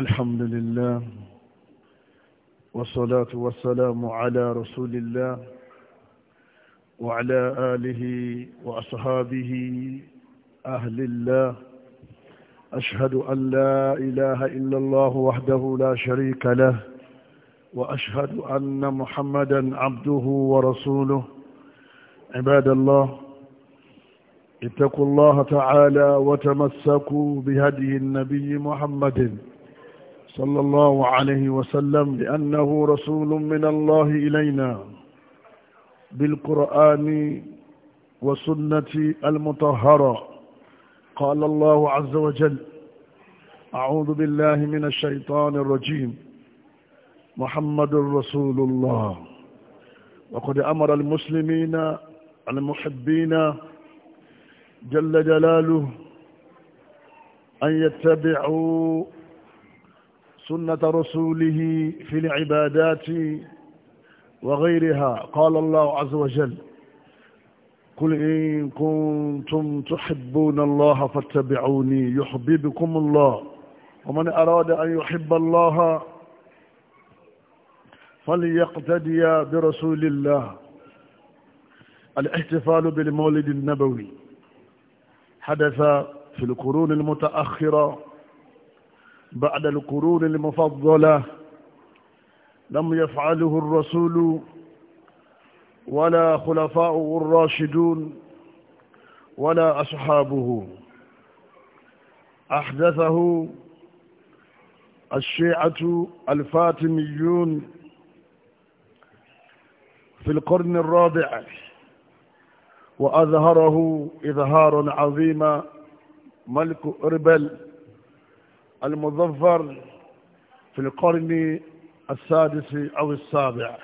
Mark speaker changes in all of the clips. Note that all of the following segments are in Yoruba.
Speaker 1: الحمد لله والصلاة والسلام على رسول الله وعلى آله وأصحابه أهل الله أشهد أن لا إله إلا الله وحده لا شريك له وأشهد أن محمدا عبده ورسوله عباد الله اتقوا الله تعالى وتمسكوا بهدي النبي محمد صلى الله عليه وسلم لأنه رسول من الله إلينا بالقرآن والسنة المطهرة قال الله عز وجل أعوذ بالله من الشيطان الرجيم محمد رسول الله وقد أمر المسلمين المحبين جل جلاله أن يتبعوا سنة رسوله في العبادات وغيرها قال الله عز وجل قل إن كنتم تحبون الله فاتبعوني يحببكم الله ومن أراد أن يحب الله فليقتدي برسول الله الاحتفال بالمولد النبوي حدث في القرون المتأخرة بعد القرون المفضلة لم يفعله الرسول ولا خلفاؤه الراشدون ولا أصحابه أحدثه الشيعة الفاطميون في القرن الرابع وأظهره إظهارا عظيما ملك إربل المظفر في القرن السادس أو السابع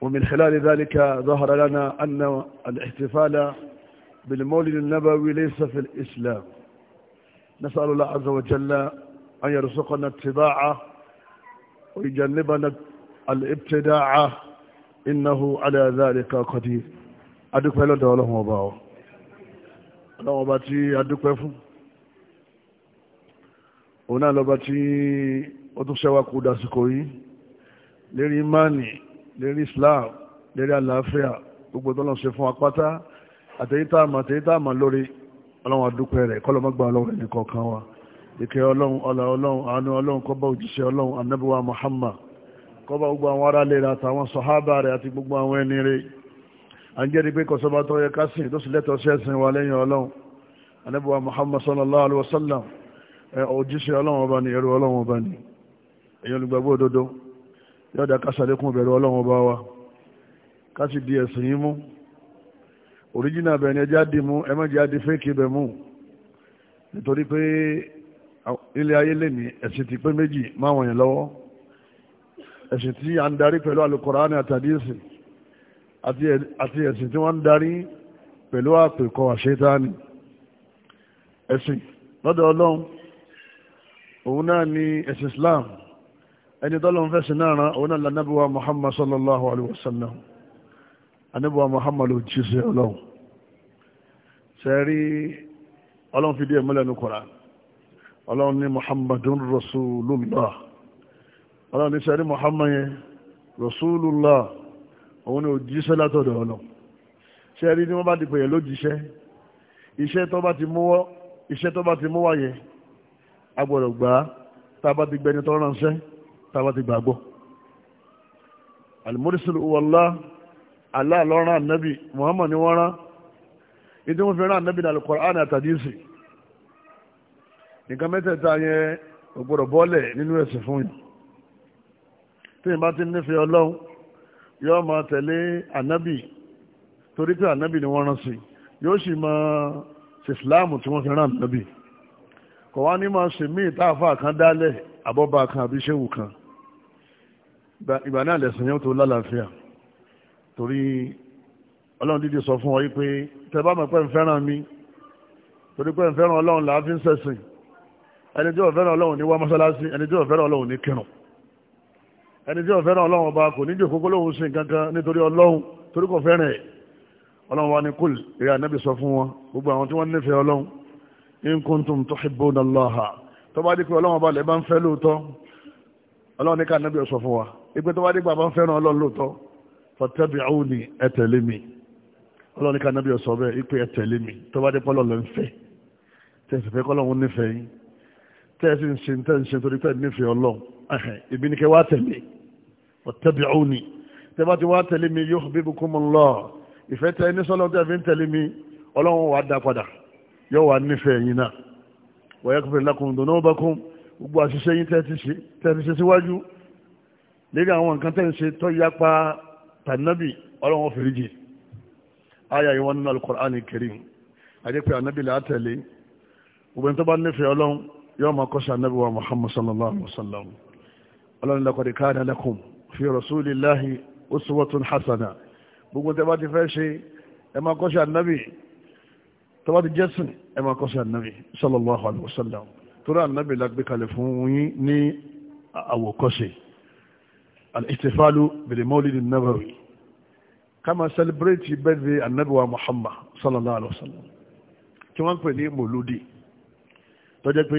Speaker 1: ومن خلال ذلك ظهر لنا أن الاحتفال بالمولد النبوي ليس في الإسلام نسأل الله عز وجل أن يرزقنا اتباعه ويجنبنا الابتداع إنه على ذلك قدير أدوك فلو دولهم وباو أدوك فلو دولهم وباو òun náà lọ́ba tí ó tún ṣẹ́wà kó dasìkò yìí lérí imani lérí islam lérí àlàáfíà gbogbo tó lọ́n ṣe fún apáta àtẹ̀yítà àmà àtẹ̀yítà àmà lórí ọlọ́run àdúpẹ́ rẹ̀ kọ́ lọ́mọ́ gba ọlọ́run ẹ̀nì kọ̀ọ̀kan wa ìkẹ́ ọlọ́run ọlá ọlọ́run àánú ọlọ́run kó òjíṣẹ́ ọlọ́run anábíwá Muhammad kó bá gbogbo àwọn aráàlẹ̀ rẹ̀ àtàwọn sọ̀hábà rẹ̀ àti gbogbo àwọn ẹni rẹ̀ à ń jẹ́rìí pé kọ́sọ́bà tó yẹ ká tó sì lẹ́tọ̀ọ́ sí wa lẹ́yìn ọlọ́run anábíwá Muhammad sallallahu alayhi wa sallam òjíṣẹ́ ọlọ́run ọba ni ẹrú ọlọ́run ọba ni èyàn olùgbàgbọ́ òdodo yọ́dá kásàlékún ìbẹ̀rù ọlọ́run ọba wa ká sì di ẹ̀sìn yín mú òríjìnà bẹ̀rẹ̀ ẹjá dì mú ẹmẹ́jẹ́ á di fẹ́ẹ̀kì bẹ̀ mú nítorí pé ilé ayé lè ní ẹ̀sìn ti pé méjì máwọn yẹn lọ́wọ́ ẹ̀sìn tí a ń darí pẹ̀lú alukọ̀ránì àtàdíyèsí àti ẹ̀sìn tí wọ́n ń darí pẹ̀lú àpèkọ àṣetáni ẹ̀sìn lọ́dọ̀ ọlọ́run òun náà ni ẹ̀sìn islam ẹni tọ́lọ́run fẹ́sìn náà rán òun náà lànàbíwá muhammad sallallahu alayhi wa sallam anábíwá muhammad ló jí sí ọlọ́run sẹ́rí ọlọ́run fi díẹ̀ mọ́lẹ̀ ní koran ọlọ́run ní muhammadun rasulullah ọlọ́run ní sẹ́rí muhammad yẹn rasulullah òun ni ò jíṣẹ́ látọ̀dọ̀ ọlọ́run sẹ́rí ni wọ́n bá di pèyẹ ló iṣẹ́ tó bá ti mú wá agbọ́dọ̀ gbà á tá a bá ti gbẹni tó ránṣẹ́ tá a bá ti gbàgbọ́ alimọ́dísìlì wọlá aláàlọ́rán ànábì muhammad ni wọ́n rán ìdí wọ́n fi rán ànábì ní alukọ̀rán àtàdísì nǹkan mẹ́tẹ̀ẹ̀ta yẹn ògbọ́dọ̀ bọ́ọ̀lẹ̀ nínú ẹ̀sìn fún yìí tí ìbá ti nífẹ̀ẹ́ ọlọ́run yóò máa tẹ̀lé ànábì torí pé ànábì ni wọ́n rán sí yóò sì máa ṣe ìsìláàmù tí wọ́n fi rán ànábì kò wá ní máa ṣe míì táàfà kan dálẹ̀ àbọ́bà kan àbí ṣéwù kan ìgbà náà lẹ̀sìn yóò tó lálàáfíà torí ọlọ́run dídí sọ fún ọ yí pé tẹ bá mọ̀ pé ń fẹ́ràn mi torí pé ń fẹ́ràn ọlọ́run làá fi ń ṣẹ̀sìn ẹni tí ò fẹ́ràn ọlọ́run ní wá mọ́sálásí ẹni tí ò fẹ́ràn ọlọ́run ní kírun ẹni tí ò fẹ́ràn ọlọ́run ọba kò ní jòkókó lóhun sí nǹkan nítorí ọlọ́run torí kò fẹ́ràn ẹ̀ ọlọ́run wa ni kúl ìrẹ́ ànábì sọ fún wọn gbogbo àwọn tí wọ́n nífẹ̀ẹ́ ọlọ́run in kuntum tuhibbuna Allaha tó bá dé pé ọlọ́run ọba lẹ́bàá ń fẹ́ lóòótọ́ ọlọ́run ní ká nábì sọ fún wa ipe tó bá dé pé àbá ń fẹ́ràn ọlọ́run lóòótọ́ fattabi'uni ẹ tẹ̀lé mi ọlọ́run ní ká nábì sọ bẹ́ẹ̀ ipe ẹ tẹ̀lé mi tó bá dé pé ọlọ́run ń fẹ́ tẹ̀sí fẹ́ kọ́lọ́run nífẹ̀ẹ́ yín tẹ́ẹ̀sì ń ṣe ń tẹ́ẹ̀ ń ṣe torí pẹ́ẹ̀ nífẹ̀ẹ́ ọlọ́run ni kẹ́ wá tẹ̀lé fattabi'uni tẹ́ bá ti wá tẹ̀lé mi yuhbibkumullah ìfẹ́ tẹ́ ní sọ́lọ́ tẹ́ fi ń mi ọlọ́run wàá dá padà yóò wá nífẹ̀ẹ́ yín náà wa yaghfir lakum dhunubakum gbogbo àṣìṣe yín tẹ́ẹ̀tì ṣe síwájú lérí àwọn nǹkan tẹ́ ń ṣe tó yapa tànàbì ọlọ́wọ́n fìríjì ayà yìí wọ́n nínú al-Qur'an al-Karim àdépẹ́ ànábì látẹ̀lé gbogbo tó bá nífẹ̀ẹ́ ọlọ́run yóò máa kọ́ sí ànábì wa Muhammad sallallahu alaihi wa sallam ọlọ́run laqad kana lakum fi rasulillahi uswatun hasana gbogbo tẹ́ bá ti fẹ́ ṣe tó bá ti jẹ́sìn ẹ máa kọ́ sí ànábì sallallahu alaihi wasallam torí ànábì la gbé kalẹ̀ fún yín ní àwòkọ́ṣe al-ihtifalu bil-mawlid an-nabawi ká máa celebrate birthday ànábì wa Muhammad sallallahu alaihi wasallam tí wọ́n ń pè ní mòlúdì tó jẹ́ pé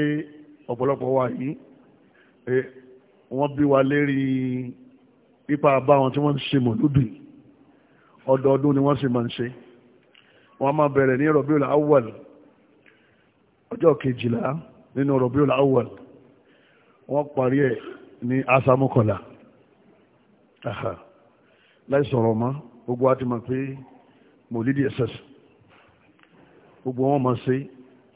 Speaker 1: ọ̀pọ̀lọpọ̀ wọ́n máa bẹ̀rẹ̀ ní Rabiul Awwal ọjọ́ kejìlá nínú Rabiul Awwal wọ́n parí ẹ̀ ní asámúkọ̀lá láì sọ̀rọ̀ ọmọ gbogbo àti mọ̀ pé mòlídì ẹ̀sẹ̀s gbogbo wọn máa ṣe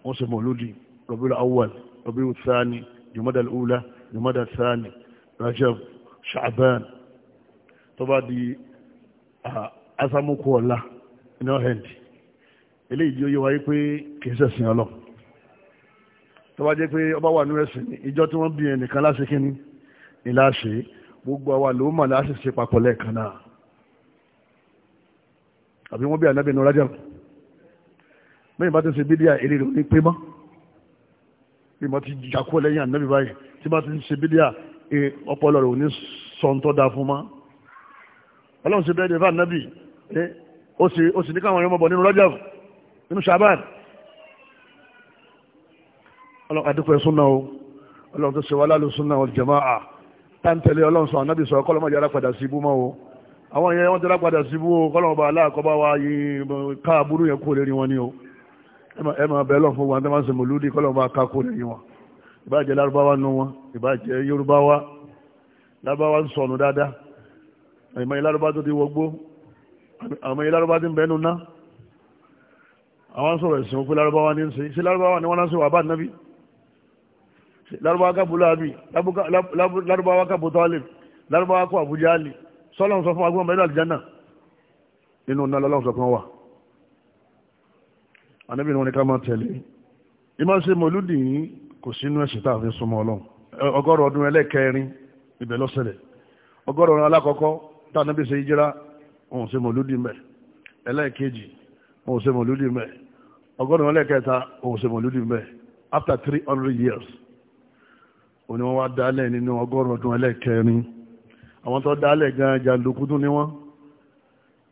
Speaker 1: wọ́n ṣe mòlúdì Rabiul Awwal Rabiul Thani Jumada al-Ula Jumada al Rajab Sha'ban tó bá di ah, asámúkọ̀lá iná hẹ́ndì eléyìí di oyé wáyé pé kì í ṣẹ̀sìn ọlọ tó bá jẹ́ pé ọba wà ní ẹ̀sìn ìjọ tí wọ́n bí ẹnìkan láti kíní ni láṣẹ gbogbo àwa ló mà láti ṣe papọ̀ lẹ́ẹ̀kan náà àbí wọ́n bí ànábì ní rájà mẹ́yìn bá ti ṣe bídíà èrè rẹ̀ ní pé mọ́ bí mo ti jàkó lẹ́yìn ànábì báyìí tí bá ti ṣe bídíà e, ọpọlọ rẹ̀ ò ní sọ̀ǹtọ́ da fún mọ́ ọlọ́run ṣe bẹ́ẹ̀ ni fún ànábì e, ó sì ní káwọn ọmọ bọ̀ nínú rájà nínú ṣàbáàn ọlọ́run àdúpẹ́ súnà o ọlọ́run tó ṣe wá lálù súnà o jàmáà táǹtẹ̀lé ọlọ́run sọ ànábì sọ kọ́lọ́mọ jẹ́ alápadà síbú mọ́ o àwọn yẹn wọ́n jẹ́ alápadà síbú o kọ́lọ́mọ bá aláàkọ́bá wa yí ká burú yẹn kúrò lérí wọn ni o ẹ máa bẹ́ẹ̀ lọ́n fún wọn tó máa ń sè mọ̀lúdì bá ká kúrò lérí wọn ìbájẹ́ lárúbáwá nù wọn ìbájẹ́ yorùbáwá lárúbáwá ń sọnù dáadáa àwọn sọ̀rọ̀ ẹ̀sìn òpin lárúbáwá ní ṣe ṣe lárúbáwá ni wọ́n lásìwò àbá nábí lárúbáwá kábù láàbí lárúbáwá kábù tọ́lẹ̀ lárúbáwá kó àbújá alì sọ́lọ́n sọ fún agbọ́n mẹ́rin àlìjánà nínú náà lọ́lọ́n sọ kan wà anábì ni wọ́n ní ká máa tẹ̀lé ìmọ̀ ṣe mọ̀lúdì yìí kò sínú ẹ̀sìn tá a fi súnmọ́ ọlọ́run ọgọ́rọ̀ ọdún ẹlẹ́kẹrin ibẹ̀ lọ́sẹ̀lẹ̀ ọgọ́rọ̀ ọdún alákọ̀ọ́kọ́ tá anábì ṣe yíjẹ́ra òun ṣe mọ̀lúdì mẹ́ ẹlẹ́ẹ̀kejì wọn ò ṣe mọ̀lúdì mẹ́ ọgọ́rùn-ún ẹlẹ́kẹta wọn ò ṣe mọ̀lúdì mẹ́ after three hundred years òní wọn wá dálẹ̀ nínú ọgọ́rùn-ún ọdún ẹlẹ́kẹrin àwọn tó dálẹ̀ gan jàǹdùkú tún ní wọn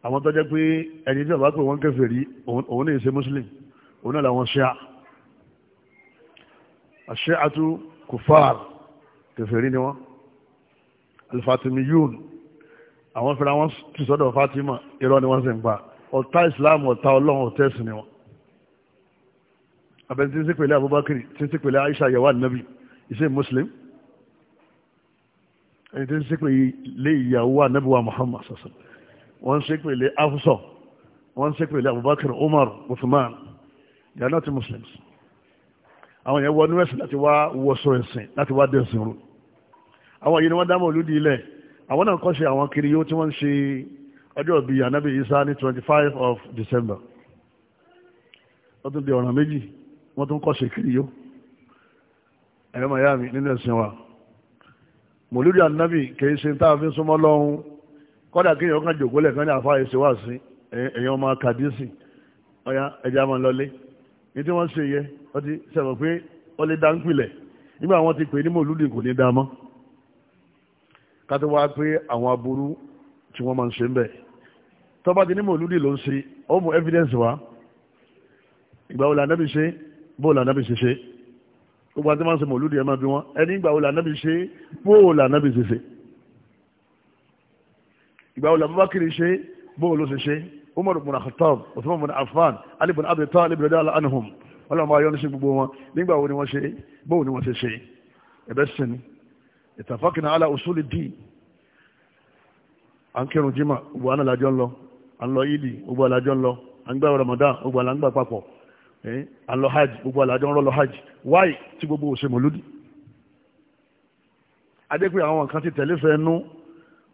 Speaker 1: àwọn tó jẹ́ pé ẹni tí bàbá pè wọ́n kèfèrí òun ní ìṣe muslim òun náà làwọn ṣíà àṣíàtú kùfàr kèfèrí ni wọn alifatimiyun àwọn fẹ́ra wọn ti sọ́dọ̀ fatima irọ́ ni wọ́n sì ń pa ọ̀tá islam ọ̀tá ọlọ́run ọ̀tá ẹ̀sìn ni wọn abẹ́ni tí ń sí pẹ̀lẹ́ abubakar tí ń sí pẹ̀lẹ́ aisha yawa nabi iṣẹ́ muslim ẹni tí ń sí pẹ̀lẹ́ ìyàwó anabiwa muhammad sassan wọ́n sí pẹ̀lẹ́ afusọ wọ́n sí pẹ̀lẹ́ abubakar umar uthman they are not muslims àwọn yẹn wọ inú ẹ̀sìn láti wá wọṣọ ẹ̀sìn láti wá dẹ̀sìn rú àwọn yìí ni wọ́n dámọ̀ olúdi ilẹ̀ àwọn náà kọ́ ṣe àwọn kiri yóò tí wọ́n ń ṣe ọjọ́ bí anabi isa ní twenty of december wọ́n tún di ọ̀ràn méjì wọ́n tún kọ́ ṣèkiri yó ẹ̀rọ miami nínú ẹ̀sìn wa mòlúdi anabi kì í ṣe tá a fi súnmọ́ lọ́hún kọ́dà kí èèyàn kan jòkó lẹ́ẹ̀kan ní àfa ẹ̀sìn wá sí èèyàn ọmọ kàdísì ọ̀yà ẹja máa lọlé ní tí wọ́n ṣe yẹ wọ́n ti sẹ̀rọ̀ pé wọ́n lè dá ń pilẹ̀ nígbà wọn ti pè ní mòlúdi kò ní dá mọ́ ká tó wá pé àwọn aburú tí wọ́n máa ń ṣe ń bẹ̀ẹ́ tọ́ba ti ní mòlúdì ló ń ṣe ó mú evidence wá ìgbà wo lànà bí ṣe bó lànà bí ṣe ṣe gbogbo àti máa ń ṣe mòlúdì ẹ̀ máa bí wọn ẹni ìgbà wo lànà bí ṣe bó lànà bí ṣe ṣe ìgbà wo làbúbá kiri ṣe bó ló ṣe ṣe Umar ibn Khattab Uthman ibn Affan Ali ibn Abi Talib radiyallahu anhum wọn làwọn máa yọ ní sí gbogbo wọn nígbà wo ni wọ́n ṣe bó ni wọ́n ṣe ṣe ẹ̀bẹ̀ sin ìtàfàkìnà ala usuli dín à ń kírun jimá gbogbo àná làjọ lọ à ń lọ ìlì gbogbo alájọ́ ń lọ à Ramadan gbogbo aláǹgbà papọ̀ à ń lọ hajj gbogbo alájọ́ ń rọ́ lọ hajj wáì tí gbogbo òṣè mọ̀lúdì. adékùn àwọn kan ti tẹ̀lé fẹ́ nú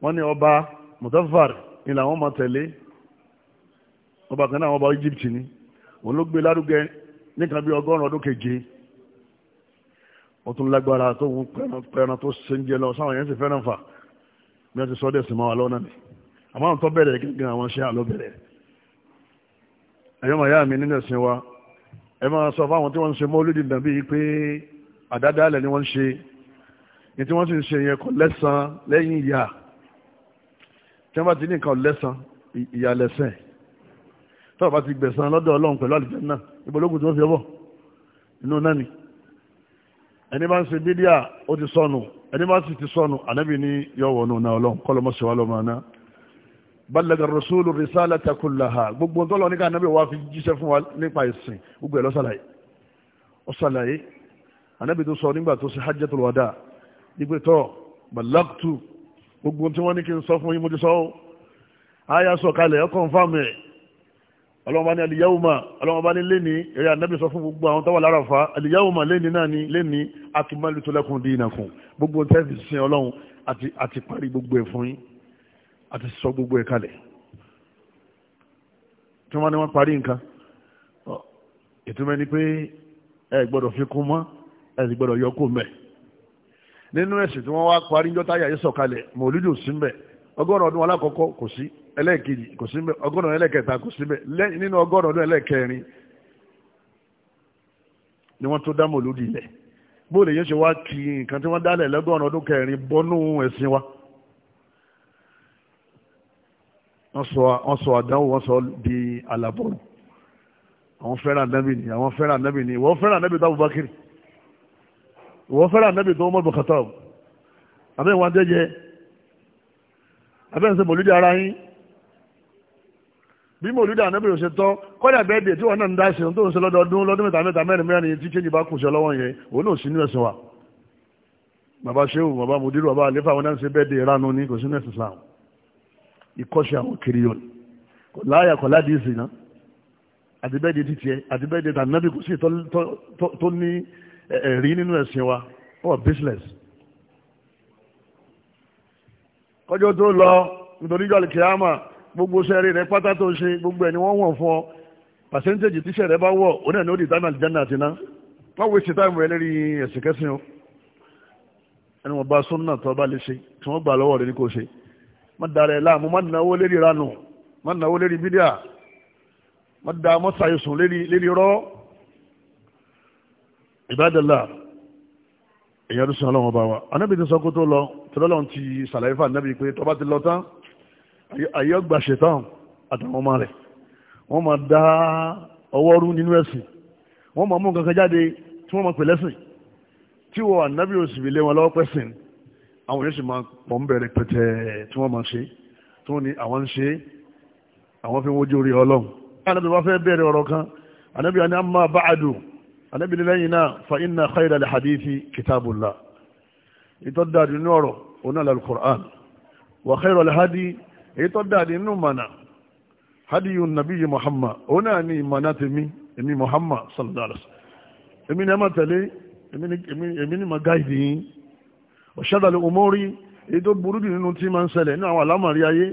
Speaker 1: wọ́n ní ọba mutafar ni làwọn máa tẹ̀lé ọba kan náà àwọn ọba Egypt ni òun ló gbé lárugẹ nìkan bí ọgọ́rùn-ún ọdún keje wọ́n tún lágbára tó ń pẹran tó ṣe lọ sáwọn yẹn sì fẹ́ràn fà bí wọ́n ti sọ ọ́ sì máa wà lọ́nà ni àmọ́ àwọn tó bẹ̀rẹ̀ gẹ́gẹ́ àwọn ṣe àlọ́ bẹ̀rẹ̀ ẹ̀yọ́ màyá mi nínú ẹ̀sìn wa ẹ máa sọ fáwọn tí wọ́n ń ṣe mọ́lúdì nàbí pé àdádálẹ̀ ni wọ́n ń ṣe ní tí wọ́n sì ń ṣe yẹn kò lẹ́san lẹ́yìn ìyá tí wọ́n bá ti ní nǹkan lẹ́san ìyá lẹ́sẹ̀ tó bá ti gbẹ̀san lọ́dọ̀ ọlọ́run pẹ̀lú àlùjánnà ìbólógún tó fi ọbọ̀ inú náà ni ẹni bá ń ṣe bídíà ó ti sọnù ẹni bá sì ti sọnù ànábì ní yọ̀wọ̀ náà ọlọ́run kọ́ lọ́mọ́sẹ̀wá lọ́mọ́ náà balaga rasulu risalata kullaha gbogbo tọ́lọ ní ká anábì wá fi jíṣẹ́ fún wa nípa ìsìn gbogbo ẹ̀ lọ́sàlàyé ọ̀sàlàyé anábì tó sọ nígbà tó sí hajjatul wada dípé tọ́ balagtu gbogbo tí wọ́n ní kí n sọ fún yín mo ti sọ ọ́ àyà sọ kalẹ̀ ọkàn fáàmì ẹ̀ ọlọ́mọba ní aliyahuma ọlọ́mọba ní lẹ́ni eré anábì sọ fún gbogbo àwọn tọ́wọ́ lára fa aliyahuma lẹ́ni náà ní lẹ́ni akimalitolẹ́kùn dínàkùn gbogbo tẹ́fì sin ọlọ́run àti àti parí gbogbo ẹ̀ fún àti sọ gbogbo ẹ̀ kalẹ̀ tí wọ́n ní wọ́n parí nǹkan ni pé ẹ gbọ́dọ̀ fi kún mọ́ ẹ sì gbọ́dọ̀ yọ kó mẹ́ nínú ẹ̀sìn tí wọ́n wá parí ń jọ́tà yàyẹ́ sọ̀kalẹ̀ mọ̀lúdì ò sí mbẹ̀ ọgọ́rùn ọdún alákọ̀ọ́kọ́ kò sí ẹlẹ́ẹ̀kejì kò sí mbẹ̀ ọgọ́rùn ọdún ẹlẹ́ẹ̀kẹta kò sí mbẹ̀ nínú ọgọ́rùn ni wọ́n tó dá mọ̀lúdì lẹ̀ bóòlù yẹn ṣe wọ́n sọ àdánwò wọ́n sọ di àlàbọ̀rù àwọn fẹ́ràn anábì ni àwọn fẹ́ràn anábì ni ìwọ fẹ́ràn anábì tó Abubakar ìwọ fẹ́ràn anábì tó Umar Khattab abẹ́ ìwà jẹ́jẹ́ abẹ́ ìṣe mòlúdì ara yín bí mòlúdì anábì ò ṣe tọ́ kọ́dà bẹ́ẹ̀ dè tí wọ́n náà ń dá ṣe tó ń ṣe lọ́dọọdún lọ́dún mẹ́ta mẹ́ta mẹ́rin mẹ́rin tí kéjì bá kù ṣe lọ́wọ́ yẹn òun náà sí inú ẹ̀sìn wa bàbá ṣéwù bàbá mudiru bàbá àlefa àwọn náà ń ṣe bẹ́ẹ̀ dè ìranu ní kò sínú ẹ̀sìn Islam ìkọ́ṣe àwọn kiriyọ́n kò láyà kò ládìí sí iná àdìbẹ́dẹ títí ẹ àdìbẹ́dẹ tànàbí kò sí tó ní ẹ̀rí nínú ẹ̀sìn wa or business. kọjọ́ tó lọ nítorí jọ́lì kìámà gbogbo sẹ́rí rẹ pátá tó ṣe gbogbo ẹ̀ ni wọ́n wọ̀n fún ọ pàṣẹ́ntéèjì tíṣẹ̀ rẹ bá wọ̀ ó náà ní ó di táìmù àlìjáná àti iná wọ́n wé táìmù rẹ lérí o ẹni wọn bá súnà tó bá lè ṣe tí wọ́n gbà lọ́wọ́ rẹ ní kò ṣe má darẹ̀ láàmú má náwó lérí ranù má náwó lérí bídíà má da mọ́sàáyé sùn lérí rọ́ ìbádẹ́lá èyàn ló sọ ọlọ́run ọba wa anábì ti sọ kó tó lọ tọ́lọ́run ti ṣàlàyé fún anábì pé tọ́ba ti lọ tán ayé ọgbà ṣetán àtàwọn ọmọ rẹ̀ wọ́n máa dá ọwọ́ rú nínú ẹ̀sìn wọ́n máa mú nǹkan kan jáde tí wọ́n máa pè lẹ́sìn tí wọ́n anábì ò sì fi lé wọn lọ́wọ́ pẹ́sìn àwọn yóò sì máa pọ̀ ń bẹ̀rẹ̀ pẹ̀tẹ̀ tí wọ́n máa ṣe tí wọ́n ní àwọn ń ṣe àwọn fi ń wojú orí ọlọ́run. anábì wá fẹ́ bẹ̀rẹ̀ ọ̀rọ̀ kan anábì wa ni amma ba'du anábì ní lẹ́yìn náà fa inna khayra li hadithi kitabullah ìtọ́ dàdí nínú ọ̀rọ̀ oní àlàlù qur'an wa khayra li hadi èyí tọ́ dàdí nínú mọ̀nà hadiyu nabiyyi muhammad oní àní ìmọ̀nà tèmi èmi muhammad sallallahu alaihi wasallam èmi ni ẹ máa tẹ̀lé èmi ni màá gáìdì yín ọ̀ṣẹ́dàlẹ̀ òmórí èyí tó burú jù nínú tí máa ń ṣẹlẹ̀ nínú àwọn àlámọ̀rí ayé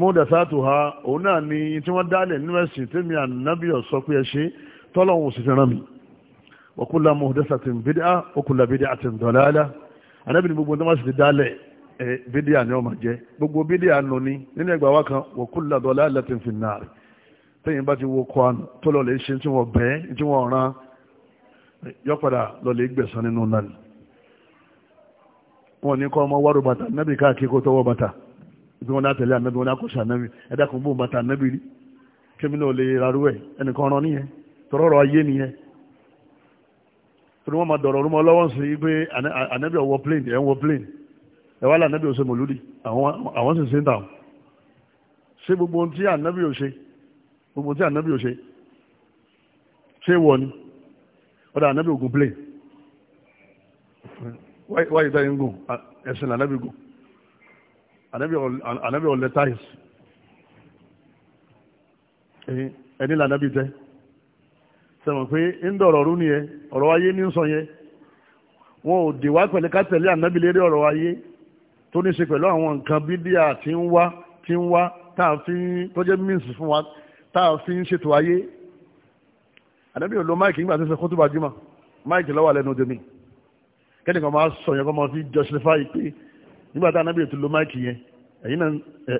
Speaker 1: mọ́dàtàtù ha òun náà ni tí wọ́n dálẹ̀ nínú ẹ̀sìn tẹ́mi ànábì sọ pé ẹ ṣe tọ́lọ́hún sì fi rán mi wa kullu muhdathatin bid'a wa kullu bid'atin dalalah ànábì ni gbogbo tó má sì ti dálẹ̀ bídíà ni wọ́n máa jẹ́ gbogbo bídíà nù ni nínú ẹgbàá wa kan wa kullu dalalatin fin nar tẹ́yìn bá ti wo kọ́ àná tó lọ lè ṣe tí wọ́n bẹ́ẹ̀ tí wọ́n rán yọ́ padà lọ lè gbẹ̀sán nínú náà wọn ní kọ́ ọmọ wárò bàtà nẹ́bì káàkiri kó tọwọ́ bàtà ibi wọn látẹ̀lé ànẹ́bì wọn lákòóṣà nẹ́bì ẹ̀dá kan bó bàtà nẹ́bì rí kémi náà lè rarú ẹ̀ ẹnìkan ọ̀ràn nìyẹn tọrọrọ ayé nìyẹn torí wọn máa dọ̀rọ̀ rúmọ lọ́wọ́ sí pé ànẹ́bì ọwọ́ plane ẹ̀ ń wọ plane ẹ̀ wá lànẹ́bì ọ̀sẹ̀ mọ̀lúdì àwọn sì sí ń tà ọ́ ṣé gbogbo ohun tí ànẹ́bì ò ṣe gbogbo tí ànábì ò ṣe ṣé wọ ni ọ̀dà ànábì ògùn plane wáyé táyé ń gùn ẹ̀sìn ànábì gùn ànábì ọ̀lẹ́ táyìs ẹni lànábì tẹ́ sẹ́wọ̀n pé ń dọ̀rọ̀ ọ̀rú nìyẹn ọ̀rọ̀ ayé ní sọ yẹn wọn ò dè wá pẹ̀lú ká tẹ̀lé ànábì lérí ọ̀rọ̀ ayé tó ní ṣe pẹ̀lú àwọn nǹkan bídíà tí ń wá tí ń wá tá a fi tó jẹ́ míǹsì fún wa tá a fi ń ṣètò ayé ànábì ò lo máìkì nígbà tó ṣe kótó bàjúmọ̀ máìkì lọ́wọ́ àlẹ́nu tèmi kẹ́ni kan máa sọ yẹn kọ́ máa fi justify pé nígbà tá anábìyẹ ti lo máìkì yẹn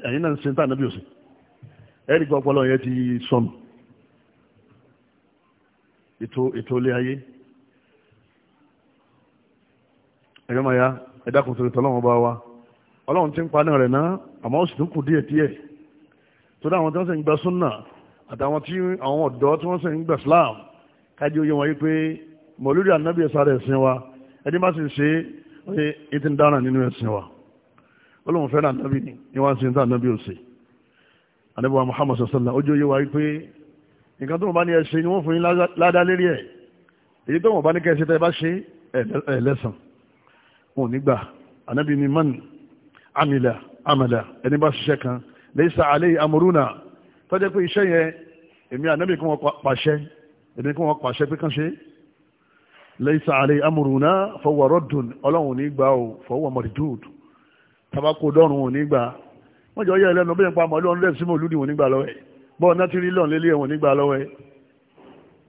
Speaker 1: ẹ̀yin náà ń sin tá anábìyẹ sí ẹ̀rí kan ọpọlọ yẹn ti sọnù ètò ètò ilé ayé ẹ̀yọ́ máa ya ẹ̀dá kò tòrò tọ́lọ́wọ́n bá wa ọlọ́run ti ń pa náà rẹ̀ náà àmọ́ ó sì tún kù díẹ̀ díẹ̀ tó dáwọn tí wọ́n sì ń gba súnà àtàwọn tí àwọn ọ̀dọ́ tí wọ́n sì ń gba Islam kájí oyé wọn yí pé mọ̀lúrí ànábìyẹ sáré ẹ̀sìn wa ẹni bá sì ṣe é ètí ń dára nínú ẹ̀sìn wa olóhùn fẹ́ràn ànábì ni ìwọ́n sì ń tà ànábì òsè ànábìwá Muhammad sọ̀sọ́lá ojú oyé wa pé nǹkan tó wọ́n bá ní ẹ ṣe ni wọ́n fún yín ládá lérí ẹ̀ èyí tó wọ́n bá ní kẹ́ ẹ tẹ́ bá ṣe ẹ̀ lẹ́sàn wọn ò ní gbà ànábì ni man amila amala ẹni bá ṣiṣẹ́ kan laysa alayhi amruna tọ́jẹ́ pé iṣẹ́ yẹn èmi ànábì kí wọ́n pàṣẹ èmi kí wọ́n pàṣẹ pé kàn ṣe é lẹ́sà àlẹ́ amúrúná fọwọ́ rọ́dùn ọlọ́run ní gbà ó fọwọ́ mọ̀rìdùd tabako dọ́rùn ò ní gbà wọ́n jọ yẹ ẹlẹ́nu bẹ́ẹ̀ pa àmọ́ ọlọ́run lẹ́sìn mọ́ olúdi ò ní gbà lọ́wọ́ ẹ̀ bọ́ọ̀ náà ti rí lọ́n lélẹ̀ ò ní gbà lọ́wọ́ ẹ̀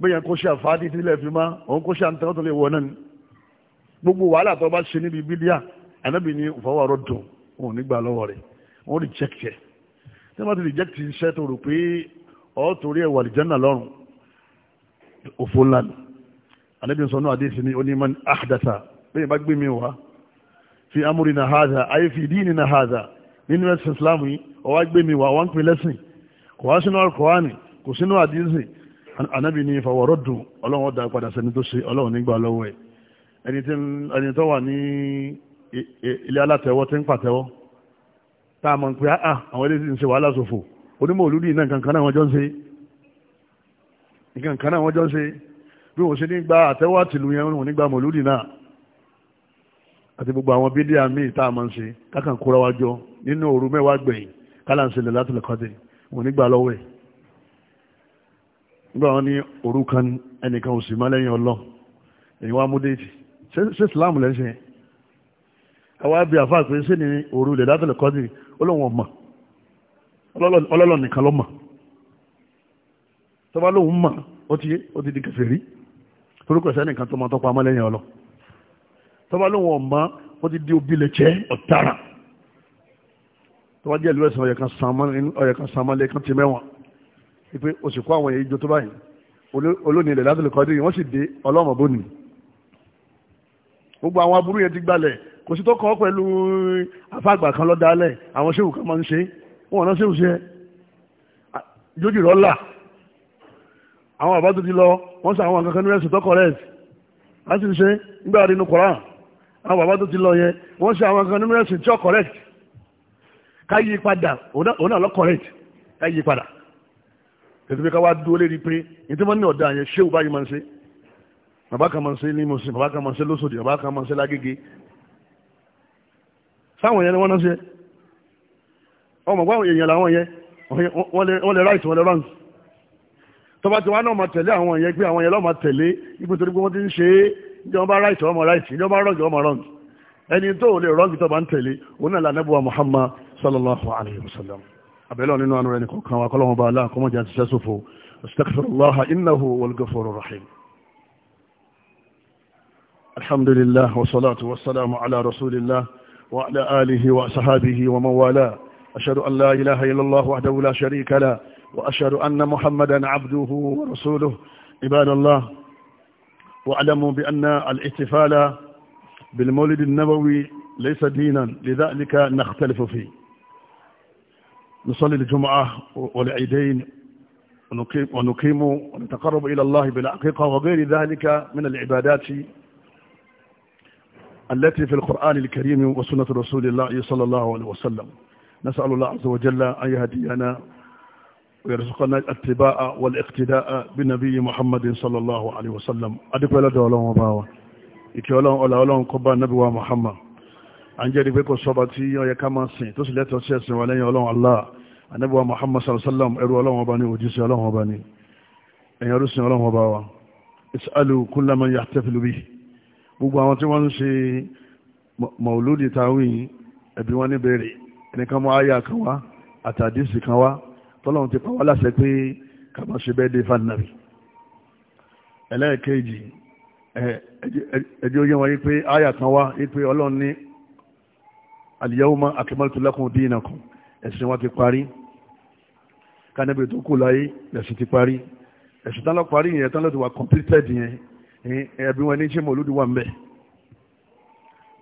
Speaker 1: bẹ́ẹ̀ kó ṣe àfáàdì tilẹ̀ fi má òun kó ṣe àǹtẹ̀ tó lè wọ náà ni gbogbo wàhálà tó bá ṣe níbi bídíà ànábì ní fọwọ́ rọ́dùn ò ní gbà lọ́wọ́ rẹ̀ reject ẹ̀ tí wọ́n ti reject iṣẹ́ tó rò pé ọ̀ torí ẹ̀ wà lìjánà lọ́rùn òfò anabi sọ náà àdéhùn ní onímọ̀ àdàtà bẹ́ẹ̀ bá gbé mi wá fi amúrin na haza ayé fi díìnì na haza nínú ẹ̀sìn islam yìí ọwá gbé mi wá wọ́n ń pè lẹ́sìn kò wá sínú alukọ́wánì kò sínú àdéhùn anabi ní ìfọwọ́rọ́ dùn ọlọ́run ọ̀dà padà sẹ́ni tó ṣe ọlọ́run nígbà lọ́wọ́ ẹ̀ ẹni tó wà ní ilé alátẹ̀wọ́ tí ń pàtẹ́wọ́ tá a mọ̀ pé áà ah, ah, àwọn ilé ń ṣe wàhálà ṣòfò onímọ̀ òlúdì náà kankan náà wọ́n jọ ń ṣe bí wọ́n ṣe ní gba àtẹ́wọ́ àtìlú yẹn wọ́n ní gba mọ̀lúdì náà àti gbogbo àwọn bídíà míì tá a máa ń ṣe kákan kóra wa jọ nínú òru mẹ́wàá gbẹ̀yìn kálá ń ṣẹlẹ̀ láti lẹ́kọ́ dé wọ́n ní gba lọ́wọ́ ẹ̀ nígbà wọn ní òru kan ẹnìkan ò sì má lẹ́yìn ọlọ́ èyí wá mú déètì ṣé islam lẹ́sẹ̀ àwa bí àfa pé ṣé ni òru lè láti lẹ́kọ́ dé ọlọ́wọ́n ọmọ ọlọ́lọ́ mọ̀ ó torúkọ sẹ́ni kan tó máa tọ́pọ̀ amọ́lẹ́yìn ọlọ tọ́ba lóhùn ọ̀mọ́ wọ́n ti di obi lè jẹ́ ọ̀daràn tọ́ba díẹ̀ lórí ẹ̀sìn ọ̀yẹ̀ kan sàmọ́lẹ̀ kan ti mẹ́wọ̀n wípé òsìkú àwọn èyí jo tó báyìí olónìí ilẹ̀ látìlẹ̀ kọ́ dìrì wọ́n sì dé ọlọ́mọ bónìí gbogbo àwọn aburú yẹn ti gbalẹ̀ kò sí tó kọ́ pẹ̀lú afáàgbà kan lọ́dálẹ̀ àwọn séwù kan máa ń ṣe wọn náà séwù ṣe jójì rọ́là àwọn àbá tó ti lọ wọ́n sọ àwọn kankan ní ẹ̀sìn tó correct láti ṣe nígbà nínú Quran àwọn bàbá tó ti lọ yẹ wọ́n sọ àwọn akẹ́kẹ́ ní ẹ̀sìn correct padà òun lọ correct ká yí padà tètè ká wá dúró lérí pé ètò ní ọ̀dà yẹn ṣé báyìí máa ń ṣe bàbá kan máa ń ṣe ní bàbá kan máa ń ṣe lóṣòdì bàbá kan máa ń ṣe lágége sáwọn yẹn tọba tí wọn náà máa tẹ̀lé àwọn yẹn pé àwọn yẹn lọ́ọ́ máa tẹ̀lé ipò torí pé wọ́n ti ń ṣe é ìjọba ráìtì ọmọ ráìtì ìjọba rọ́ọ̀gì ọmọ rọ́ọ̀gì ẹni tó lè rọ́ọ̀gì tọba ń tẹ̀lé òun náà lànà buwa Muhammad sallallahu alayhi wa sallam abẹ́lẹ́ nínú àánú rẹ̀ nìkan kan wà kọ́lọ́mọ bá aláà kọ́mọ jà ti sẹ́ sọ́fọ́ astaghfirullah innahu wal ghafurur rahim وأشهد أن محمدا عبده ورسوله عباد الله واعلموا بأن الاحتفال بالمولد النبوي ليس دينا لذلك نختلف فيه نصلي الجمعة والعيدين ونقيم, ونقيم ونتقرب إلى الله بالعقيقة وغير ذلك من العبادات التي في القرآن الكريم وسنة رسول الله صلى الله عليه وسلم نسأل الله عز وجل أن يهدينا ويرزقنا الاتباع والاقتداء بنبي محمد صلى الله عليه وسلم أدفع لدى الله وباوة ìkẹ́ ọlọ́run ọlá ọlọ́run kó bá nábì wa Muhammad a ń jẹ́rìí pé kò sọ́ba tí ó yẹ ká máa sìn tó sì lẹ́tọ̀ọ́ sí ẹ̀sìn wa lẹ́yìn ọlọ́run Allah ànábì wa Muhammad sallallahu ẹrú ọlọ́run ọba ní òjíṣẹ́ ọlọ́run ọba ní ẹ̀yìn ọlọ́sìn ọlọ́run ọba wa is'alu kulla man yahtafilu bihi gbogbo àwọn tí wọ́n ń ṣe mọ̀lúdì táwìn ẹ̀bí wọn ní bèrè ẹnìkan mọ́ àyà kan wá àtàdísì kan wá tọ́lọ́run ti pa wá láṣẹ pé ká máa ṣe bẹ́ẹ̀ dé fanabi ẹlẹ́ẹ̀kejì ẹjọ́ yẹ wọ́n yí pé àyà kan wá yí pé ọlọ́run ní al-yawma akmaltu lakum dinakum ẹ̀sìn wọn ti parí kánẹ́bì tó kù láyé ẹ̀sìn ti parí ẹ̀sìn tán lọ parí yẹn tán lọ ti wà completed yẹn ẹbí wọn ní ṣé mo olúdi wà ń bẹ̀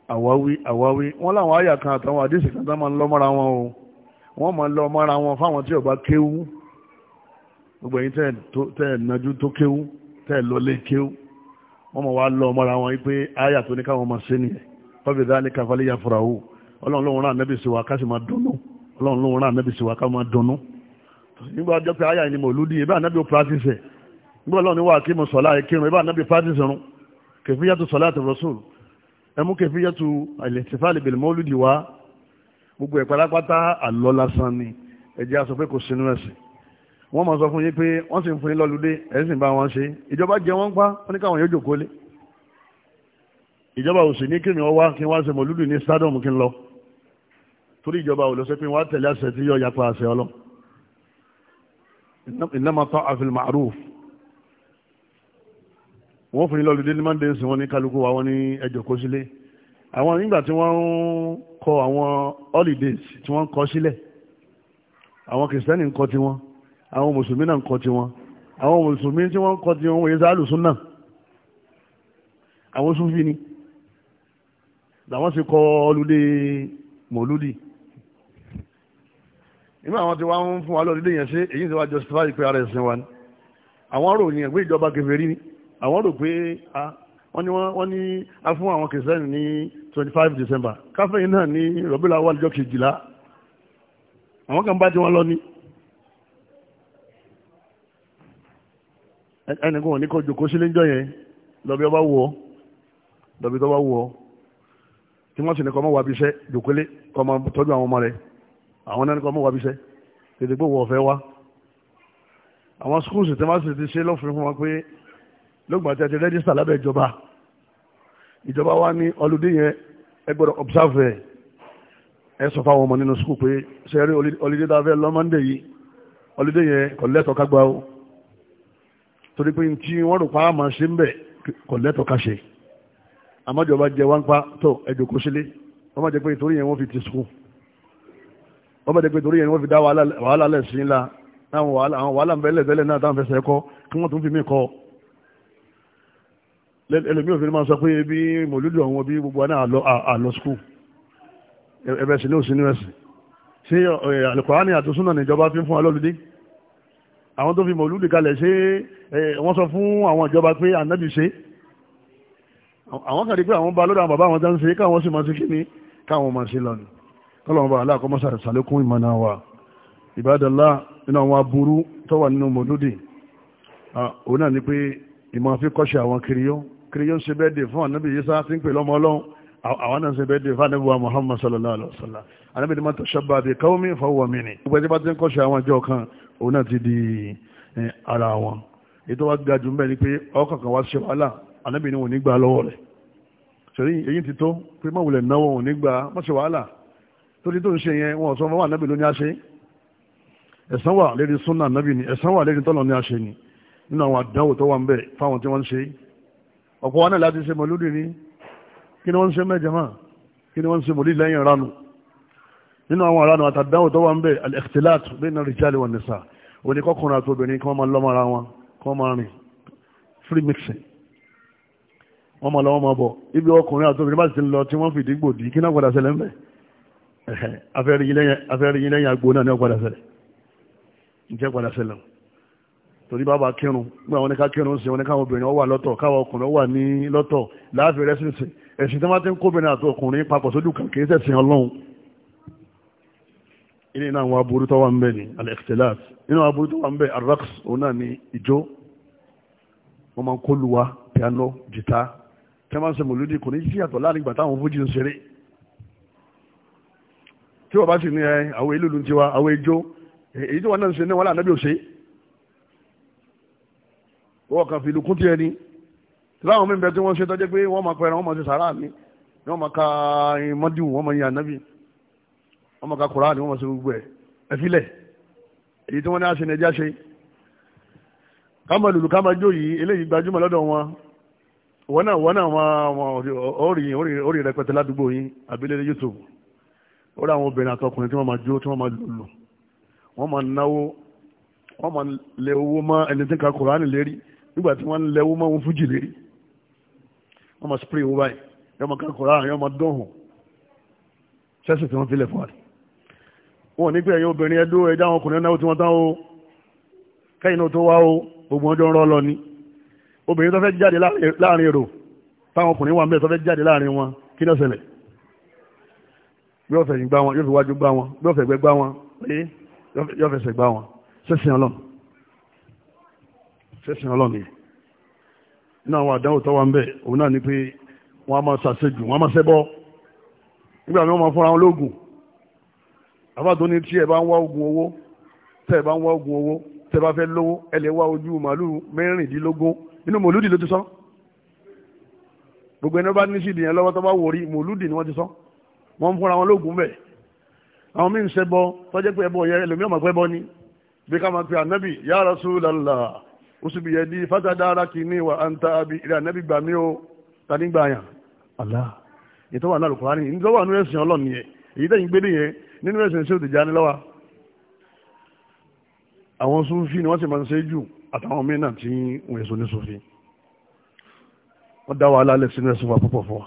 Speaker 1: àwáwí àwáwí wọn láwọn àyà kan àtàwọn àdéhùn kan tá máa ń lọ mọ́ra wọn o wọ́n máa lọ mọ́ra wọn fáwọn tí ọba kéwú gbogbo yín tẹ́ ẹ̀ nájú tó kéwú tẹ́ ẹ̀ lọlé kéwú wọ́n máa wá lọ mọ́ra wọn yìí pé àyà tó ní káwọn máa ṣe nìyẹn fọ́bì dá ní káfálẹ́ yà fúra wò ọlọ́run lóun rán ànábì sí wa ká sì máa dunnú ọlọ́run lóun rán ànábì sí wa ká máa dunnú nígbà ọjọ́ pé àyà ni mòlúdì ibà ànábì ó practice ẹ̀ nígbà ọlọ́run wà kí mo sọ̀lá ẹ̀ kírun ibà ànábì practice run kèfíyàtú wa gbogbo ẹ̀ pátápátá àlọ́ lásán ni ẹ̀jẹ̀ aṣọ pé kò sínú ẹ̀sìn wọ́n máa sọ fún yín pé wọ́n sì ń fún yín lọ́lùdé ẹ̀sìn bá wọn ṣe ìjọba jẹ wọ́n pa wọ́n ní káwọn yóò jòkó lé ìjọba ò sì ní kí mi wá kí n wá ṣe mọ̀lúdù ní stadium kí n lọ torí ìjọba ò lọ sí pé wọ́n á tẹ̀lé àṣẹ tí yóò yapa àṣẹ ọlọ́ innama ta'a fil ma'ruf wọ́n fún yín lọ́lùdé ní monday sí wọn ní kálukú wa wọn ní ẹjọ́ kó sílé àwọn nígbà tí wọ́n ń kọ àwọn holidays tí wọ́n ń kọ sílẹ̀ àwọn kìrìsìtẹ́nì ń kọ tiwọn àwọn mùsùlùmí náà ń kọ tiwọn àwọn mùsùlùmí tí wọ́n ń kọ tiwọn wọ́n yẹ sáà lùsùn náà àwọn súnfì ni làwọn ti kọ ọlùdé mòlúdì nígbà àwọn tí wọ́n ń fún wa lọ́dún yẹn ṣe èyí ti wá justify pé ara ẹ̀sìn wa ni àwọn rò ní ẹ̀gbẹ́ ìjọba kèfèrí ni àwọn rò pé a. Ah, wọ́n ní wọ́n ní afún àwọn kìrìsìtẹ́nì ní twenty five december káfíìn náà ní rọ́bìlà wà lọ́jọ́ kejìlá àwọn kan bá tí wọ́n lọ ní. ẹnìkan ò ní kọjú kó sílé ńjọ yẹn lọ́bí ọba wù ọ́ lọ́bí tó bá wù ọ́ tí wọ́n sì ní kọ́ mọ́ wà bí iṣẹ́ jòkólé kọ́ mọ́ tọ́jú àwọn ọmọ rẹ̀ àwọn náà ní kọ́ mọ́ wà iṣẹ́ tètè pé wọ́n fẹ́ wá àwọn skools tí wọ́n sì ti ṣe lọ́fún fún wọn pé lọ́gbọ̀n tí a ti rẹ́jísítà lábẹ́ ìjọba ìjọba wa ní ọlùdí yẹn ẹ gbọ́dọ̀ observe ẹ̀ ẹ sọ fáwọn ọmọ nínú skul pé ṣe rí ọlùdí tá a fẹ́ lọ Monday yìí ọlùdí yẹn kò lẹ́tọ̀ ká gbà ó torí pé tí wọ́n rò pa á máa ṣe ń bẹ̀ kò lẹ́tọ̀ ká ṣe àmọ́ ìjọba jẹ wá ń pa tó ẹjọ́ kó sílé wọ́n má jẹ́ pé torí yẹn wọ́n fi ti skul wọ́n má jẹ́ pé torí yẹn wọ́n fi dá wàhálà lẹ̀ sí ńlá àwọn wàhálà ń bẹ́lẹ̀ bẹ́lẹ̀ náà táwọn fẹsẹ̀ kọ́ kí wọ́n tún fi mí kọ́ ẹlòmí òfin máa sọ pé bí mòlúdù ọ̀hún bí gbogbo náà àlọ́ skul ẹbẹ̀ sí ní òsínú ẹ̀sìn ṣé àlùkùránì àti súnà níjọba fi ń fún alọ́lùdí àwọn tó fi mòlúdù kalẹ̀ ṣé wọ́n sọ fún àwọn ìjọba pé ànábì ṣe àwọn kàdí pé àwọn bá lọ́dọ̀ àwọn bàbá àwọn tó ń ṣe káwọn sì máa ṣe kíni káwọn máa ṣe lọ́nà kọ́lọ́mọ bá aláàkọ́ mọ́sà ṣàlékún ìmọ̀nà wa ìbádọ́lá nínú àwọn aburú tó wà nínú mòlúdì òun náà ni pé ìmọ̀ àfikọ́ṣe àwọn kiri yóò kìrìyàn ṣe bẹ́ẹ̀dẹ̀ fún ànábì Ìsá tí ń pè lọ́mọ ọlọ́run àwọn náà ṣe bẹ́ẹ̀dẹ̀ fún ànábì wa Muhammad sallallahu alaihi wasallam ànábì ni man tashabbaha bi qawmin fahuwa minhum gbogbo ẹjẹ́ bá ti ń kọ́ṣẹ́ àwọn ọjọ́ kan òun náà ti di ara wọn ètò wa ga jù mẹ́rin pé ọkọ̀ọ̀kan wá ṣe wàhálà ànábì ni wọn ní gbà lọ́wọ́ rẹ̀ sẹ́rí èyí ti tó pé má wulẹ̀ náwó wọn ní gbà má ṣe wàhálà torí tó ń ṣe yẹn wọn ò sọ fún wa ànábì ló ní a ṣe ẹ̀san ni ẹ̀san wà lérí tọ́lọ̀ ní a ṣe ni nínú àwọn àdánwò tó wà ń bẹ̀ fáwọn tí ọ̀pọ̀ wọn náà láti ṣe mọ̀lúdì ní kí ni wọ́n ń ṣe mẹ́jẹ̀ máa kí ni wọ́n ń ṣe mọ̀lúdì lẹ́yìn ìranu nínú àwọn ìranu àtàdáwò tó wà ń bẹ̀ al-ikhtilat bayna ar-rijal wan-nisa oníkọ́kùnrin àti obìnrin kí wọ́n máa lọ́mọ ara wọn kí wọ́n máa rìn free mixing wọ́n máa lọ́wọ́ máa torí bàbá kírun nígbà wọn ní ká kírun sí wọn ní káwọn obìnrin wà lọ́tọ̀ káwọn ọkùnrin wà ní lọ́tọ̀ láàfin rẹ́sìnsì ẹ̀sìn tí wọ́n ti ń kóbìnrin àti ọkùnrin papọ̀ sójú kan kì í ṣẹ̀sìn ọlọ́run ilé iná àwọn aburú tó wà ń bẹ ní al-ikhtilat nínú aburú tó wà ń bẹ arraqs òun náà ní ìjó wọ́n máa ń kó luwa piano jìtá tẹ́ máa ń ṣe mòlúdì kò ní sí àtọ̀ láàrin ìgbà táwọn fújì ń ṣeré tí wọ́n bá sì ní ẹ eh, àwọn ilé ìlú tiwa àwọn ìjó èyí tí wọ́n náà ń ṣe ní wọ́n lànà bí ó ṣe wọ́n kàn fi ìlú kún tiẹ̀ ni láwọn mímu bẹ tí wọ́n ṣe tọ́jú pé wọ́n máa pẹ̀rẹ̀ wọ́n máa ṣe sàrà mi ni wọ́n máa ka mọ́díwù wọ́n máa yin ànábì wọ́n máa ka Kùránì wọ́n máa ṣe gbogbo ẹ̀ ẹ̀fílẹ̀ èyí tí wọ́n ní àṣẹ ní ẹjá ṣe káma lùlù káma jó yìí eléyìí gbajúmọ̀ lọ́dọ̀ wọn wọn náà wọn náà wọn orí orí rẹpẹtẹ ládùúgbò yín abilẹ̀ YouTube orí àwọn obìnrin àtọkùnrin tí wọ́n máa jó tí wọ́n máa lùlù wọ́n máa náwó wọ́n máa lé owó mọ́ ẹni tí ń ka Kùránì lérí nígbà tí wọ́n ń lẹ́wọ́ mọ́ wọn fújì lérí wọ́n máa spray wọn báyìí yọ́n máa kankọ̀ọ́ láàrin yọ́n máa dán hàn tí wọ́n fi lẹ̀ fún wa rẹ̀ wọn ní pé ẹ̀yin obìnrin ẹdó ẹja àwọn ọkùnrin náà tí wọ́n tán o kẹ́yìn náà tó wá o gbogbo ọjọ́ ń rọ́ lọ ni obìnrin tó fẹ́ jáde láàrin èrò táwọn ọkùnrin wà mẹ́ẹ̀ tó fẹ́ jáde láàrin wọn kí náà ṣẹlẹ̀ bí ọ̀fẹ́ gbá wọn yóò fi wájú gbá wọn yóò fẹsẹ̀ sẹ́sìn ọlọ́ni nínú àwọn àdánwò tó ń bẹ̀ òun náà ni pé wọ́n á máa ṣàṣejù wọ́n á máa ṣẹbọ nígbà mi wọ́n máa fúnra wọn lóògùn àbá tó tí ẹ bá ń wá oògùn owó tẹ́ ẹ bá ń wá oògùn owó tẹ́ bá fẹ́ lówó ẹ lè wá ojú màálùú mẹ́rìndínlógún inú mòlúdì ló ti sọ gbogbo ẹni bá ní sí lọ́wọ́ tó bá wò mòlúdì ni wọ́n ti sọ wọ́n fúnra wọn lóògùn bẹ̀ àwọn míì ń ṣẹbọ tọ́jẹ́ pé ẹbọ yẹn ẹlòmíràn máa pẹ́ bọ́ ni bí ká máa pe ànábì ya Rasulullah òsùbí yẹ di fátàdára kì ní wà áńtà àbí ilẹ̀ ànẹ́bí gbà mí o ta ní gbà yàn Allah ètò wà náà Al-Qur'ani ní tó wà nínú ẹ̀sìn ọlọ́ọ̀ nìyẹn èyí tẹ̀yìn gbé nìyẹn nínú ẹ̀sìn sí òtìjà ní lọ́wọ́ àwọn Sufi ni wọ́n sì máa ṣe jù àtàwọn míì náà tí wọ́n èso ní Sufi wọ́n dá wàhálà lẹ̀ sínú ẹ̀sìn wa púpọ̀ fún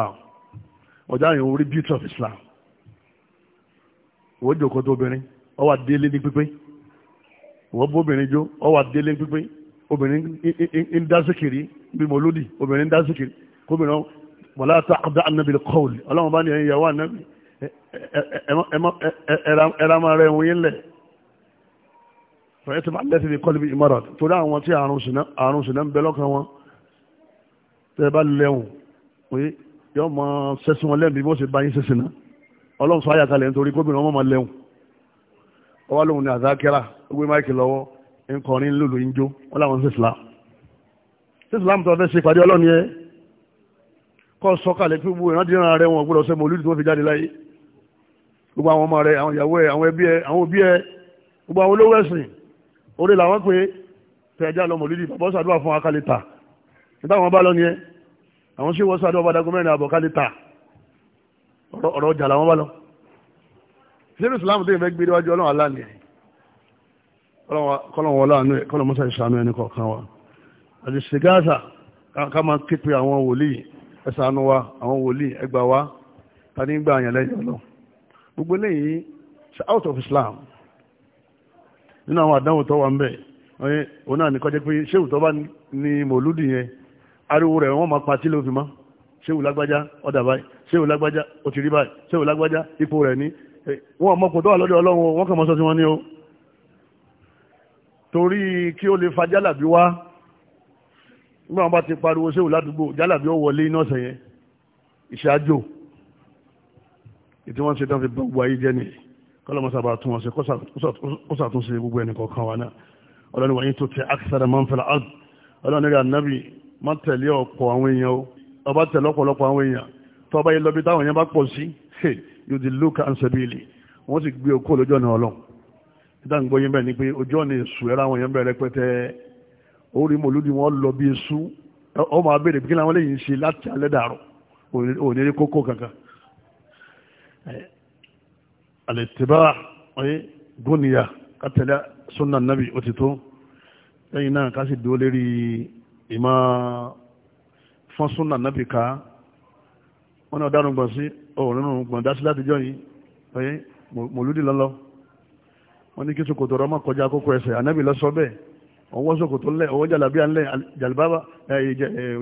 Speaker 1: wa wọ́n dá wọ́n bóbìnrin jó ọwà délé pípé obìnrin ń dá síkìrí bí mo lódì obìnrin ń dá síkìrí kóbìnrin wọ́n láti àkọ́dá ànábìlì kọ́ọ̀lì ọlọ́run bá ní ẹ̀yìn ìyàwó ànábì ẹ̀rá máa rẹ̀ wọ́n yín lẹ̀ fẹ̀yẹ́tì máa lẹ́sìn ní kọ́lì bí ìmọ̀ràn torí àwọn tí àrùn sùnà ń bẹ lọ́kàn wọn tẹ́ bá lẹ́wọ̀n pé yọ́ mọ sẹ́sìn wọn lẹ́mìí bó ṣe bá yín sẹ́sìn náà ọlọ́run sọ àyàkalẹ̀ nítorí kóbìnrin wọn máa lẹ́wọ̀n ọwọ́ lóhun ní àzákẹ́rà gbé máìkì lọ́wọ́ ń kọrin lòlò ń jó wọ́n láwọn sí islam sí islam tó fẹ́ ṣe ìpàdé ọlọ́ni ẹ kọ́ sọ́kàlẹ̀ pé gbogbo ìrandíran rẹ wọn gbọ́dọ̀ sẹ́mu olùdí tó fi jáde láyé gbogbo àwọn ọmọ rẹ àwọn ìyàwó ẹ àwọn ẹbí ẹ àwọn òbí ẹ gbogbo àwọn olówó ẹ̀sìn orí làwọn pé tẹ̀já lọ mọ̀lúdì bàbá ṣàdúrà fún akálẹ̀ ta bá lọ nìyẹn àwọn tí wọ́n ṣàdúrà bàdágún mẹ́rin àbọ̀ kálẹ̀ ọ̀rọ̀ ọjà làwọn bá lọ. ṣé ní islam tó yẹ fẹ́ gbé déwájú ọlọ́run aláàlẹ́ kọ́lọ̀wọ̀ láàánú ẹ̀ kọ́lọ̀ mọ́sá ìṣàánú ẹni kọ̀ọ̀kan wa àti ṣìgáàsà ká máa képe àwọn wòlíì ẹ̀sàánú wa àwọn wòlíì ẹgbà wa ta ní gbà àyàn lẹ́yìn ọlọ́ gbogbo lẹ́yìn out of Islam nínú àwọn àdánwò tó wà ń bẹ̀ òun náà ní kọjá pé ṣéwù tó bá ní mòlúdì yẹn ariwo rẹ̀ wọ́n máa pa tí ló fi mọ́ ṣéwù lágbájá ọ̀dà báyìí ṣéwù lágbájá òtìrí báyìí ṣéwù lágbájá ipò rẹ̀ ní wọ́n mọ́kùn tó wà lọ́dọ̀ Ọlọ́run wọn kàn mọ́ sọ sí wọn ní o torí kí ó lè fa jálàbí wá nígbà wọn bá ti pariwo séwò ládùúgbò jálàbí ó wọlé iná ọ̀sẹ̀ yẹn ìṣáájò ètí wọ́n ṣe tán fi gbogbo ayé jẹ́ nìyí kọ́lọ́mọ́sàbà tún wọn ṣe kó ṣàtúnṣe gbogbo ẹnì kọ̀ọ̀kan wa náà ọlọ́ni wọ̀nyí tó tẹ akisara máa ń fẹ́ra ard ọlọ́ni rẹ̀ ànábì má tẹ̀lé ọ̀pọ̀ àwọn èèyàn o títà ń bẹ́ẹ̀ ni pé ojú ọ̀nà èṣù ẹ̀rọ àwọn èèyàn bẹ̀rẹ̀ pẹ́tẹ́ orí mòlúdi wọn lọ bí eṣú ọ máa béèrè kí làwọn lẹ́yìn ṣe láti alẹ́ dàrú òní rí kókó kankan àlètèbá ọyẹ gónìyà kátẹlẹ sunna nabi ó ti tó lẹ́yìn náà ká sì dúró lérí ìmọ̀ fún sunna nabi ká wọn náà dárúgbọ̀n sí òórùn gbọ̀n dá sí látijọ́ yìí ọyẹ mòlúdi lọ́lọ́. wọ́n ní kí ṣòkòtò rọ́mọ́ kọjá ẹsẹ̀ ànábì lọ sọ bẹ́ẹ̀ wọ́n wọ́n ṣòkòtò ńlẹ̀ ọwọ́ jàlábíà ńlẹ̀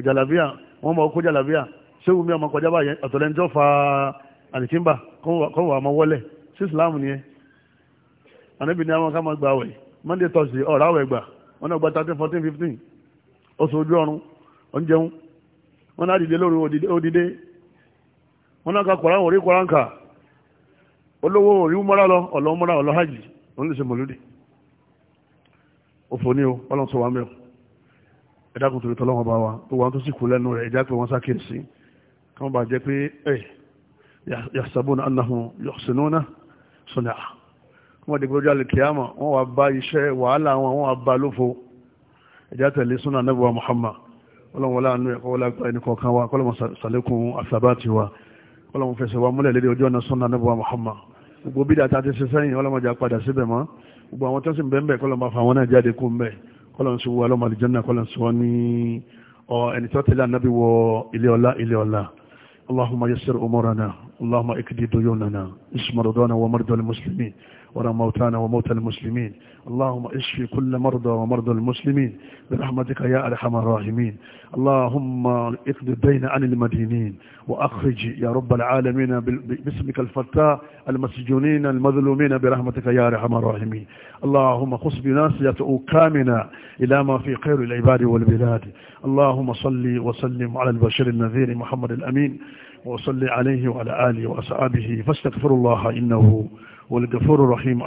Speaker 1: jàlábíà wọ́n mi ọmọ kọjá báyẹn ọ̀tọ̀lẹ́ńjọ́ fa àlìkínbà kọ́wọ́ àmọ́ wọlé sí islam nìyẹn gba àwẹ̀ monday gba thirteen fourteen fifteen oṣù ojú oúnjẹun náà dìde náà ka kọ̀ọ̀rán òrí olówó òun lè ṣe mọ̀lúdì òfò ní o ọlọ́run sọ wà mẹ́ o ẹ̀dá kò tòlítọ́ lọ́wọ́ bá wa tó wà tó sì kú lẹ́nu rẹ̀ ẹ̀já pé wọ́n sákèsí kí wọ́n bá jẹ́ pé ẹ̀ yàsàbùn anahun yọ̀sìnúnà sọ̀nà wọ́n dìgbò jẹ́ alìkìyàmà wọ́n wà bá iṣẹ́ wàhálà wọn wọ́n wà bá lófo ẹ̀já tẹ̀lé súnà anábùwà Muhammad ọlọ́run wọlé àánú ẹ̀kọ́ wọlé àgbà ẹni kọ̀ọ̀kan wa kọ́lọ́mù gbogbo bí dàtà ti ṣe sẹ́yìn ọlọ́mọdé padà síbẹ̀ mọ́ gbogbo àwọn tẹ́sí bẹ́ẹ̀ kọ́lọ́mọ fún àwọn náà jáde kó mbẹ́ kọ́lọ́n sí wa ọlọ́mọdé jẹ́nà kọ́lọ́n sí wọn ní ọ ẹni tó tẹ̀lé ànábì wọ ilé ọlá ilé ọlá allahumma yassir umurana allahumma ikdi duyunana ismarudana wa mardal muslimin ولا موتانا وموتى المسلمين اللهم اشفي كل مرضى ومرضى المسلمين برحمتك يا أرحم الراحمين اللهم اقض الدين عن المدينين وأخرج يا رب العالمين باسمك الفتاة المسجونين المظلومين برحمتك يا أرحم الراحمين اللهم خص بناس يتؤكامنا إلى ما في خير العباد والبلاد اللهم صل وسلم على البشير النذير محمد الأمين وصل عليه وعلى آله وأصحابه فاستغفر الله إنه والغفور الرحيم